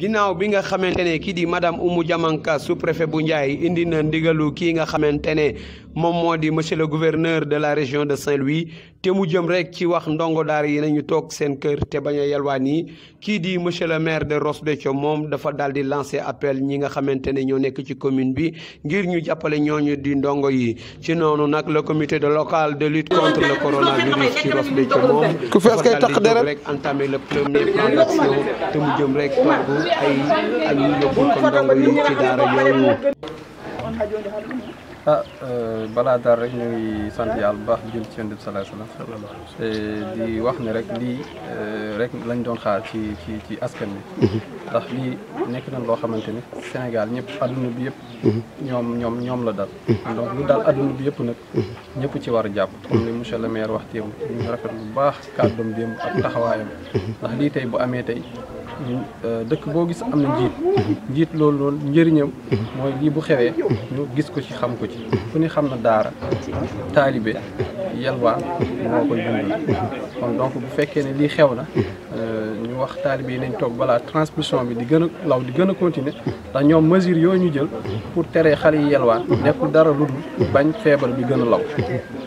ginnaaw bi nga xamantene ki di madame Oumou Diamanka sous-préfet bu Ndiaye indi na ndigalu ki nga xamantene mom modi monsieur le gouverneur de la région de Saint-Louis te mu jëm rek ci wax ndongo daara yi nañu tok seen kër te baña a ki di monsieur le maire de Ross Béthio moom dafa daldi lancer appel ñi nga xamantene ño nek ci commune bi ngir ñu jàppale ñooñu di ndongo yi ci nonu nak le comité de local de lutte contre le coronavirus ci Ross Béthio moom dafa kay tak jëm rek entamer le premier plan d'action te mu jëm rek ay ak ñu yóbbu ko ndongo yi ci daara yooyu. ah euh, balaa dara rek ñu ngi sant yàlla bu baax jul ci yonent bi salaay salaam te di wax ni rek lii euh, rek lañ doon xaar ci ci ci askan bi mhm. ndax lii nekk nañ loo xamante ni Sénégal ñëpp adduna bi yëpp mhm. ñoom ñoom ñoom la dal mhm. donc lu daal àdduna bi yëpp nag ñëpp ci war a jàpp comme ni monsieur le maire wax téem ñu rafet bu baax kàddoom démb ak taxawaayam ndax lii tey bu amee tey dëkk bo gis amna jitt jitt lool lool ñeriñam moy li bu xewé ñu gis ko ci xam ko ci ku ne xam na daara talibé yalwaa moo koy dund kon donc bu fekkee ne lii xew na euh, ñu wax taalibe yi nañ toog balaa transmission bi di gën a law di gën a continuer ndax ñoom mesure yooyu ñu jël pour tere xale yi yalwaan nekkul dara lu dul bañ feebar bi gën a law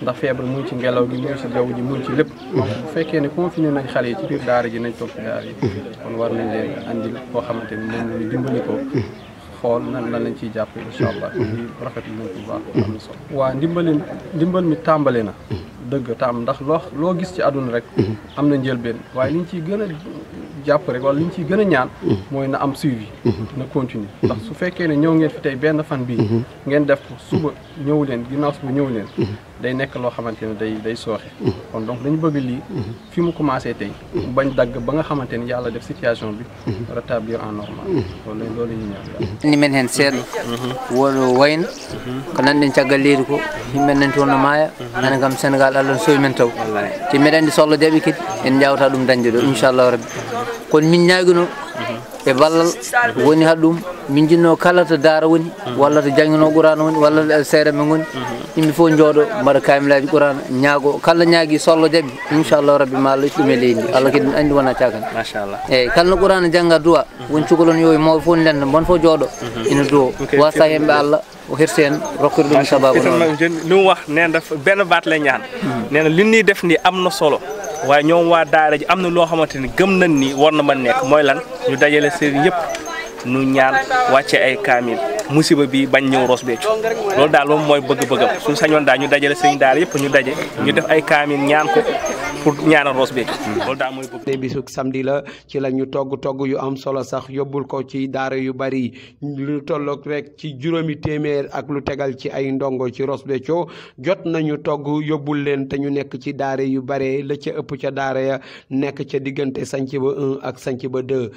ndax feebar mu ci ngelaw gi mu ngi ci jaww mu ci lépp bu fekkee ne confiné nañ xale yi ci biir daara ji nañ toog ci daara yi kon war nañ leen andil koo xamante ni moom la ñu ko xool nan la lañ ciy jàpp incha allah di rafet nañ bu baax am na solo waa ndimbali ndimbal mi tàmbali na dëgg tam ndax loo loo gis ci àdduna rek mm-hmm. am na njëlbeen waaye liñ ciy gën jàpp rek wala li ñu ciy ñaan moy mm-hmm. na am suivi mm-hmm. na continue ndax su fekke ne ñëw ngeen fi tay benn fan bi mm-hmm. ngeen def ko suba ñëw leen ginaaw suba ñëw leen day nekk lo xamanteni day day soxé kon donc dañu bëgg li fi mu commencé tay bañ dag ba nga xamanteni yalla def situation bi rétablir en normal lay loolu ñu ñaan ni men hen seeɗo wono wayno ko nanɗen caggal leer ko yimɓe nanti wonno maaya allah no men taw ci mbeɗa en jawta dum rabbi kon min ñaaguino e ballal woni ha min jinno kala to daara woni walla to jangino qur'an woni walla seere me ngoni goni fo njodo jooɗo kaym laaji qur'an ñaago kala ñaagui sollo jaɓi inshallah rabbi ma la ismi leeni allah kadi andi wona cakan mashallah e kala no qur'ana jangga duwa won cukalon yoy mo fo len bon fo jodo ina wa wasa hemɓe allah o hirsi hen rokkiri e sababu noon ɗum wax nena ben bat la ñaan hmm. li ni def ni amna solo waaye ñoom waa daara ji am na loo xamante ni gëm nañ ni war na mën nekk mooy lan ñu dajale sëriñ yëpp ñu ñaan wàcce ay kaamil musiba bi bañ ñëw Ross Béthio loolu daal moom mooy bëgg-bëggam su sañoon daal ñu dajale sëriñ daara yëpp ñu daje ñu def ay kaamil ñaan ko pour ñaanal Ross Béthio loolu daal mooy bëgg bisu samedi la ci la ñu togg togg yu am solo sax yóbbul ko ci daara yu bari lu tolloog rekk ci juróomi téeméer ak lu tegal ci ay ndongo ci Ross Béthio jot nañu togg yóbbul leen te ñu nekk ci daare yu bare la ca ëpp ca daare ya nekk ca diggante sanc ba 1 ak sanc ba 2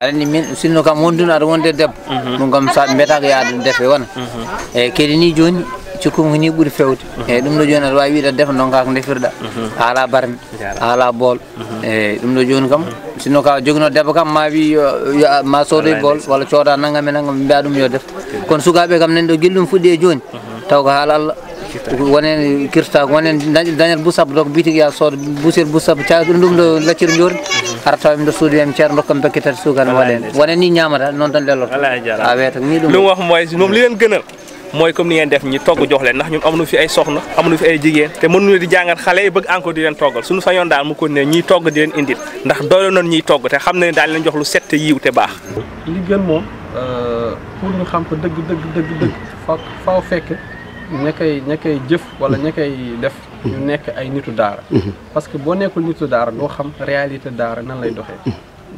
alani min sinno kam wonduna aɗa wonde debbo ɗum mhm. kam sa mbiyata ko yaade defe wona mhm. eyyi eh, kadi ni joni cukum ko buri ɓuri mhm. e eh, dum do ɗo wa aɗa wawi wiide ka donka ko defirda ala barmi ala bol e dum do joni kam sino ka jogno debbo kam ma wi eh, ya, ma sori bol wala cooda naggam nangam e mbi adum yo def suga be kam nendo gildum fudde joni mhm. taw ko ala allah wonen kirta wonen daniel busab dok bitig ya sod busir busab ca dum do lacir ndor arata em do suudu em cer ndokam bekkitat sugan wonen wonen ni nyamata non tan lelot a weta ni dum lu wax moy ñom li len gënal mooy comme ni ngeen def ñi togg jox leen ndax ñun amuñu fi ay soxna amuñu fi ay jigéen te mënuñu di jàngal xale yi bëgg encore di leen toggal suñu sañoon daal mu ko ne ñiy togg di leen indil ndax doole noonu ñuy togg te xam ne daal leen jox lu set te yiw te baax. li gën moom euh, pour ñu xam ko dëgg dëgg dëgg dëgg fa faw fekk ña koy ña koy jëf wala ña koy def. ñu nekk ay nitu daara. Mhm. parce que boo nekkul nitu daara doo xam réalité daara nan lay doxee.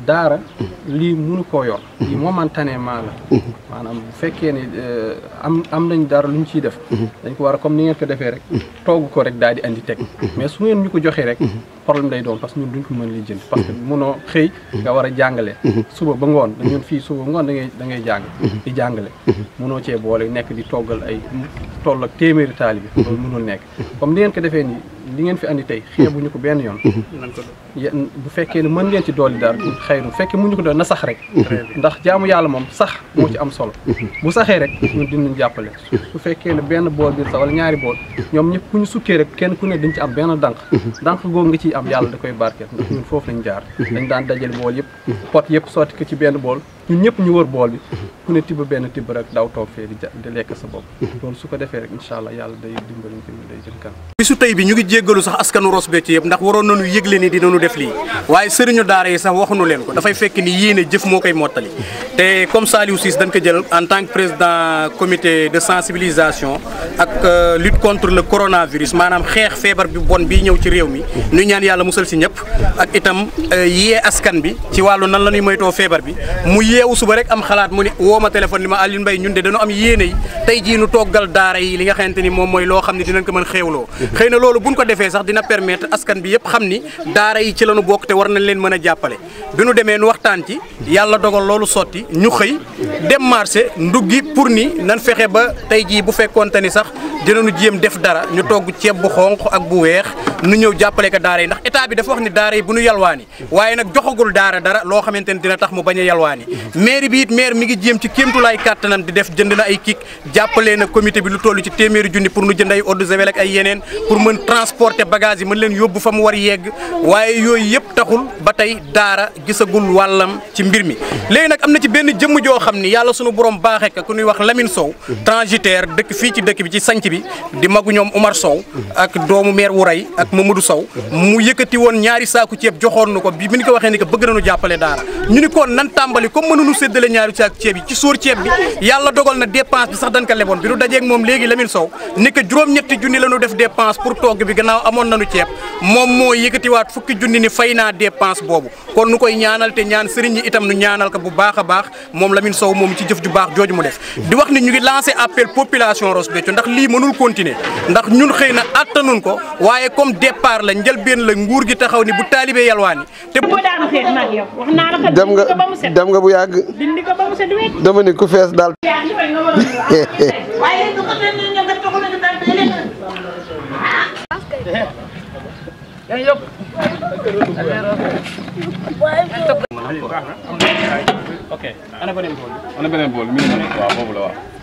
daara mhm. lii mënu koo yor mhm. lii momentanément la mhm. maanaam bu fekkee ne eh, am am nañ dara lu ñu ciy def dañ ko war a comme ni ngeen ko defee rek togg ko rek daal di andi teg mais su ngeen ñu ko joxee rek problème lay doon parce que ñun duñ ko mën li jënd parce que mënoo mhm. xëy mhm. nga war a jàngale mhm. suba ba ngoon ñun fii suba ba ngoon da ngay da jàng di jàngale mënoo cee boole nekk di toggal ay toll ak téeméeri taali bi loolu mënul nekk comme ni ngeen ko defee nii li ngeen fi andi tey xeebuñu ko benn yoon bu fekkee ne mën ngeen ci dooli dara xëy na bu fekkee mënuñu ko doon na sax rek ndax jaamu yàlla moom sax moo ci am solo bu saxee rek ñun dinañ jàppale su fekkee ne benn bool bi sax bool ñoom ñëpp ku ñu kenn ku ne dañ ci am benn am yàlla da koy barkeel ndax ñun foofu lañ jaar dañ daan dajale bool yëpp pot yëpp sotti ko ci benn bool ñun ñëpp ñu wër bool bi ku ne tibb benn tibb rek daw toog fee di ja sa bopp loolu su ko defee rek incha allah yàlla day dimbali ñu fi day jëm kan bisu tey bi ñu ngi jéggalu sax askanu Ross Béthio yëpp ndax waroon nañu yëgle ni dinañu def lii waaye sëriñu daara yi sax waxuñu leen ko dafay fekk ni yéene jëf moo koy mottali te comme Saliou Ciss dañ ko jël en tant que président comité de sensibilisation ak euh, lutte contre le coronavirus maanaam xeex feebar bi bon bi ñëw ci réew mi ñu ñaan yàlla musal si ñëpp ak itam euh, yee askan bi ci wàllu nan la ñuy moytoo feebar bi yeewu suba rek am xalaat mu ni woo ma téléphone ni ma Alioune Mbaye ñun de dañu am yéene yi tey jii nu toggal daara yi li nga xamante ni moom mooy loo xam ne dinañ ko mën xéewloo xëy na loolu buñ ko defee sax dina permettre askan bi yëpp xam ni daara yi ci lañu bokk te war nañ leen mën a jàppale bi nu demee nu waxtaan ci yàlla dogal loolu sotti ñu xëy dem marché nduggi pour ni nan fexe ba tey jii bu fekkoonte ni sax dinañu jéem def dara ñu togg ceeb bu xonq ak bu weex nu ñëw jàppale ko daara yi ndax état bi dafa wax ni daara yi bu ñu yalwaani waaye nag joxagul daara dara loo xamante ni dina tax mu bañ a yalwaani maire bi it maire mi ngi jéem ci kéemtulaay kàttanam di def jënd na ay kik jàppale na comité bi lu toll ci téeméeri junni pour nu jënd ay eau de javel ak ay yeneen pour mën transporter bagage yi mën leen yóbbu fa mu war yegg waaye yooyu yëpp taxul ba tey daara gisagul wàllam ci mbir mi léegi nag am na ci benn jëmm joo xam ni yàlla sunu borom baaxee ka ku ñuy wax Lamine Sow dëkk fii ci dëkk bi ci sanc bi bi di magu ñoom Umar Sow ak doomu maire Wuray ak Mamadou Sow mu yëkkati woon ñaari saaku ceeb joxoon nu ko bi bi ñu waxee ni que bëgg nañu jàppale daara ñu ni nan tàmbali comme mënuñu séddale ñaari saaku ceeb yi ci sóor ceeb bi yàlla dogal na dépense bi sax dañ ko leboon bi nu dajeeg moom léegi Lamine Sow ni que juróom-ñetti junni la ñu def dépense pour togg bi gannaaw amoon nañu ceeb moom moo yëkkatiwaat fukki junni ni fay naa dépense boobu kon nu koy ñaanal te ko a baax moom Lamine Sow moom ci jëf ju baax jooju mu def di wax ni ñu mënul continuer ndax ñun xeyna na attanuñ ko waye comme départ la ben la nguur gi taxaw ni bu na la ko dem nga dem nga bu yàgg dama ni ku fees daal ok ana beneen bool ana beneen la